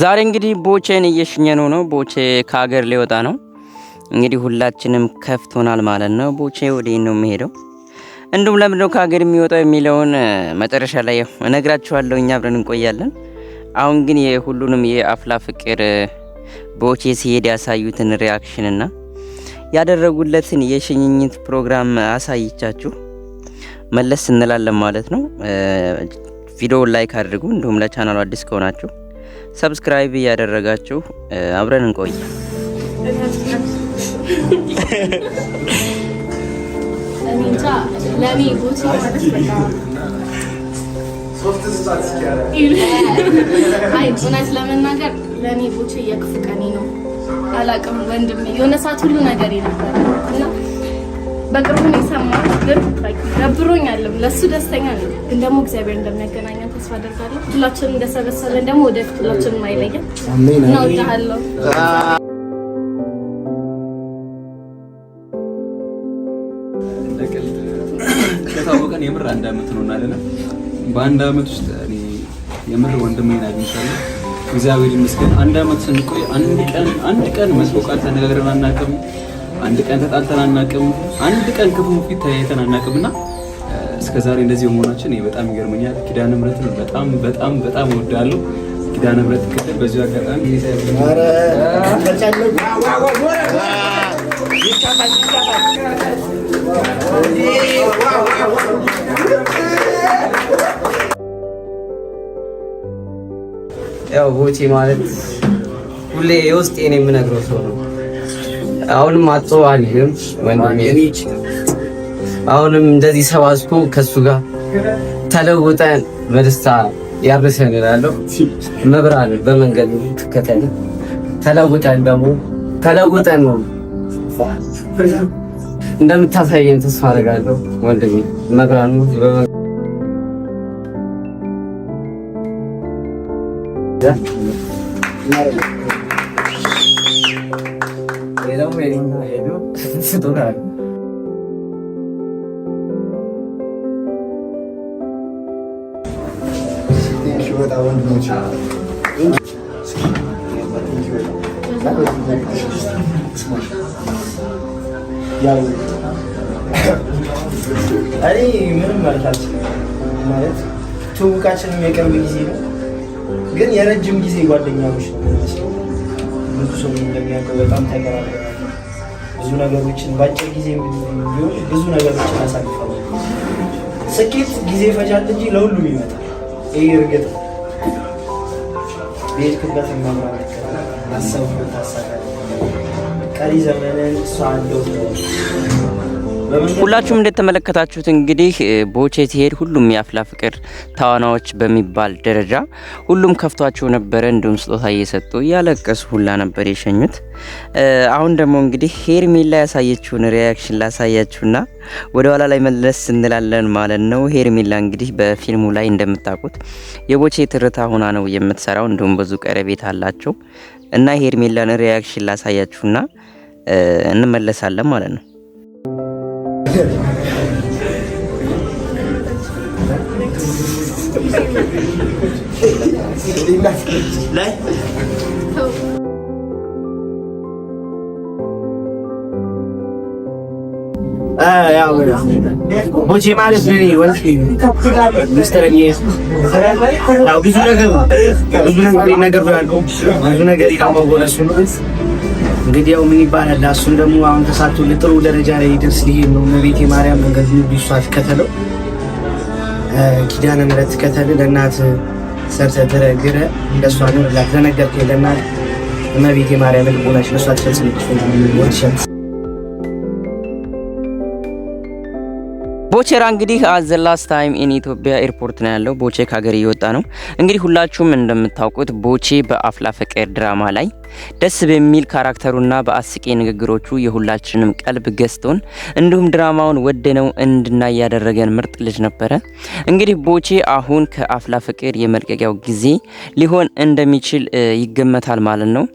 ዛሬ እንግዲህ ቦቼን እየሸኘን ነው። ቦቼ ከሀገር ሊወጣ ነው። እንግዲህ ሁላችንም ከፍቶናል ማለት ነው። ቦቼ ወዴት ነው የሚሄደው? እንዲሁም ለምንድነው ከሀገር የሚወጣው የሚለውን መጨረሻ ላይ እነግራችኋለሁ። እኛ አብረን እንቆያለን። አሁን ግን የሁሉንም የአፍላ ፍቅር ቦቼ ሲሄድ ያሳዩትን ሪያክሽንና ያደረጉለትን የሽኝኝት ፕሮግራም አሳይቻችሁ መለስ እንላለን ማለት ነው። ቪዲዮውን ላይክ አድርጉ። እንዲሁም ለቻናሉ አዲስ ከሆናችሁ ሰብስክራይብ እያደረጋችሁ አብረን እንቆይ። እውነት ለመናገር ለእኔ ቦቼ የክፉ ቀኔ ነው። አላቅም ወንድሜ የሆነ ሰዓት ሁሉ ነገር ነበር በቅርቡ ነው የሰማሁት፣ ግን ደብሮኛልም። ለእሱ ደስተኛ ነው፣ ግን ደግሞ እግዚአብሔር እንደሚያገናኘን ተስፋ አደርጋለሁ። ሁላችንም እንደሰበሰበን ደግሞ ወደፊት ሁላችንም አይለየን። እናወድሃለሁ። ከታወቀን የምር አንድ አመት ነው እናለና በአንድ አመት ውስጥ እኔ የምር ወንድሜን አግኝቻለሁ። እግዚአብሔር ይመስገን። አንድ አመት ስንቆይ አንድ ቀን አንድ ቀን መስቦቃል ተነጋግረን አናውቅም። አንድ ቀን ተጣልተን አናውቅም። አንድ ቀን ክፉ ፊት ተያይተን አናውቅም እና እስከ ዛሬ እንደዚህ መሆናችን በጣም ይገርመኛል። ኪዳነ ምሕረትን በጣም በጣም በጣም እወዳለሁ። ኪዳነ ምሕረት ክትል በዚሁ አጋጣሚ ያው ቦቼ ማለት ሁሌ የውስጤን የምነግረው ሰው ነው። አሁንም አጥቶ አልሄድም ወንድሜ። አሁንም እንደዚህ ሰባስኩ ከሱ ጋር ተለውጠን በደስታ ያርሰን እላለሁ። መብራን በመንገድ ትከተል። ተለውጠን ደግሞ ተለውጠን ነው እንደምታሳየን ተስፋ አደርጋለሁ ወንድሜ መብራን በመንገድ ሌላው ሄዶ ስቶናል። እኔ ምንም ማለት አልችልም። ማለት ትውውቃችንም የቅርብ ጊዜ ነው፣ ግን የረጅም ጊዜ ጓደኛሞች ነው። ብዙ ሰው እንደሚያውቀው በጣም ተገራለ ብዙ ነገሮችን በአጭር ጊዜ ቢሆን ብዙ ነገሮችን አሳልፋለ። ስኬት ጊዜ ይፈጃል እንጂ ለሁሉም ይመጣል። ይህ እርግጥ ነው። ቤትክበት መምራት አሰብ ታሳካል። ቀሪ ዘመንን እሷ አለው ሁላችሁም እንደተመለከታችሁት እንግዲህ ቦቼ ሲሄድ ሁሉም የአፍላ ፍቅር ተዋናዎች በሚባል ደረጃ ሁሉም ከፍቷቸው ነበረ። እንዲሁም ስጦታ እየሰጡ እያለቀሱ ሁላ ነበር የሸኙት። አሁን ደግሞ እንግዲህ ሄርሜላ ያሳየችውን ሪያክሽን ላሳያችሁና ወደ ኋላ ላይ መለስ እንላለን ማለት ነው። ሄርሜላ እንግዲህ በፊልሙ ላይ እንደምታውቁት የቦቼ ትርታ ሆና ነው የምትሰራው። እንዲሁም ብዙ ቀረቤት አላቸው እና ሄርሜላን ሪያክሽን ላሳያችሁና እንመለሳለን ማለት ነው። لا বুঝি মারে ফ্রি বলছি মিস্টার নিয়ে নাও কিছু না করবো কিছু না করি না করবো কিছু না করি আমার বলে শুনো እንግዲያው ምን ይባላል እሱም ደግሞ አሁን ተሳክቶ ለጥሩ ደረጃ ላይ ይደርስ ሊሄድ ነው። እመቤቴ ማርያም መንገድ ቢሷ ትከተለው፣ ኪዳነ ምሕረት ትከተል። ለእናት ሰርተ ትረግረ እንደሷ ኑርላት። ለነገርከኝ ለእናት እመቤቴ ማርያም ልቦናሽ ለሷ ትፈጽምልሽ ወንድሸት ቦቼራ እንግዲህ አዘ ላስት ታይም ኢን ኢትዮጵያ ኤርፖርት ነው ያለው። ቦቼ ከሀገር እየወጣ ነው። እንግዲህ ሁላችሁም እንደምታውቁት ቦቼ በአፍላ ፍቅር ድራማ ላይ ደስ በሚል ካራክተሩና በአስቂ ንግግሮቹ የሁላችንም ቀልብ ገዝቶን እንዲሁም ድራማውን ወደነው እንድናይ ያደረገን ምርጥ ልጅ ነበረ። እንግዲህ ቦቼ አሁን ከአፍላ ፍቅር የመልቀቂያው ጊዜ ሊሆን እንደሚችል ይገመታል ማለት ነው።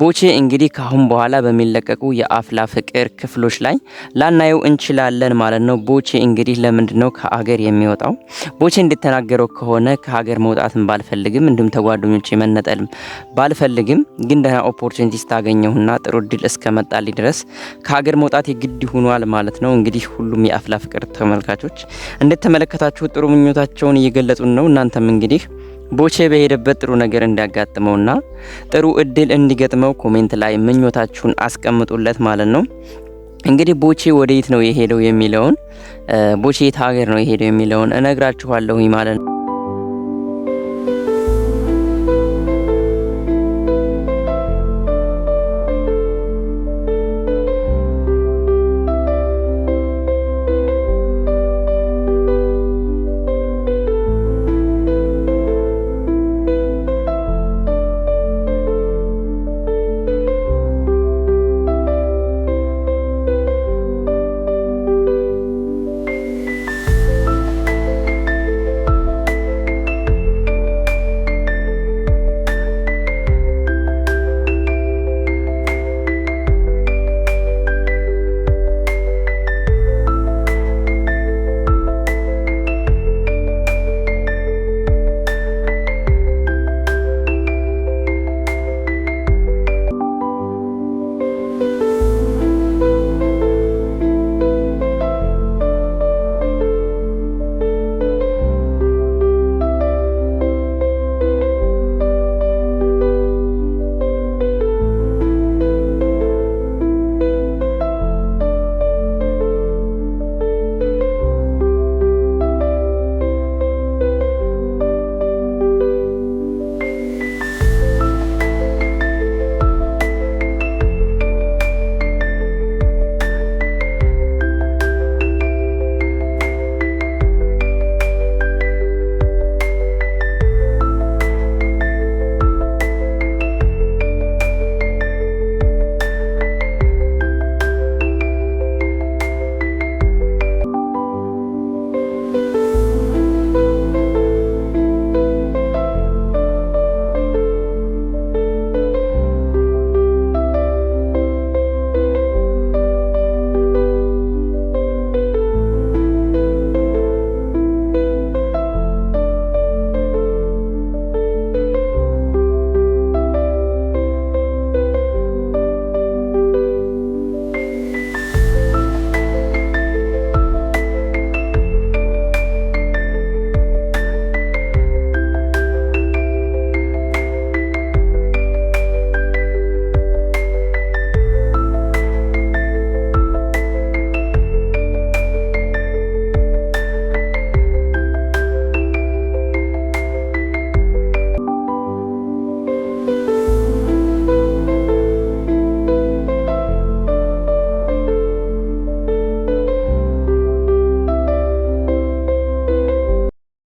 ቦቼ እንግዲህ ካሁን በኋላ በሚለቀቁ የአፍላ ፍቅር ክፍሎች ላይ ላናየው እንችላለን ማለት ነው። ቦቼ እንግዲህ ለምንድን ነው ከአገር የሚወጣው? ቦቼ እንደተናገረው ከሆነ ከሀገር መውጣትን ባልፈልግም፣ እንዲሁም ተጓደኞቼ መነጠልም ባልፈልግም፣ ግን ደህና ኦፖርቹኒቲ ስታገኘሁና ጥሩ እድል እስከመጣልኝ ድረስ ከሀገር መውጣት የግድ ሆኗል ማለት ነው። እንግዲህ ሁሉም የአፍላ ፍቅር ተመልካቾች እንደተመለከታችሁ ጥሩ ምኞታቸውን እየገለጹን ነው። እናንተም እንግዲህ ቦቼ በሄደበት ጥሩ ነገር እንዲያጋጥመውና ጥሩ እድል እንዲገጥመው ኮሜንት ላይ ምኞታችሁን አስቀምጡለት ማለት ነው። እንግዲህ ቦቼ ወዴት ነው የሄደው የሚለውን ቦቼ የት ሀገር ነው የሄደው የሚለውን እነግራችኋለሁኝ ማለት ነው።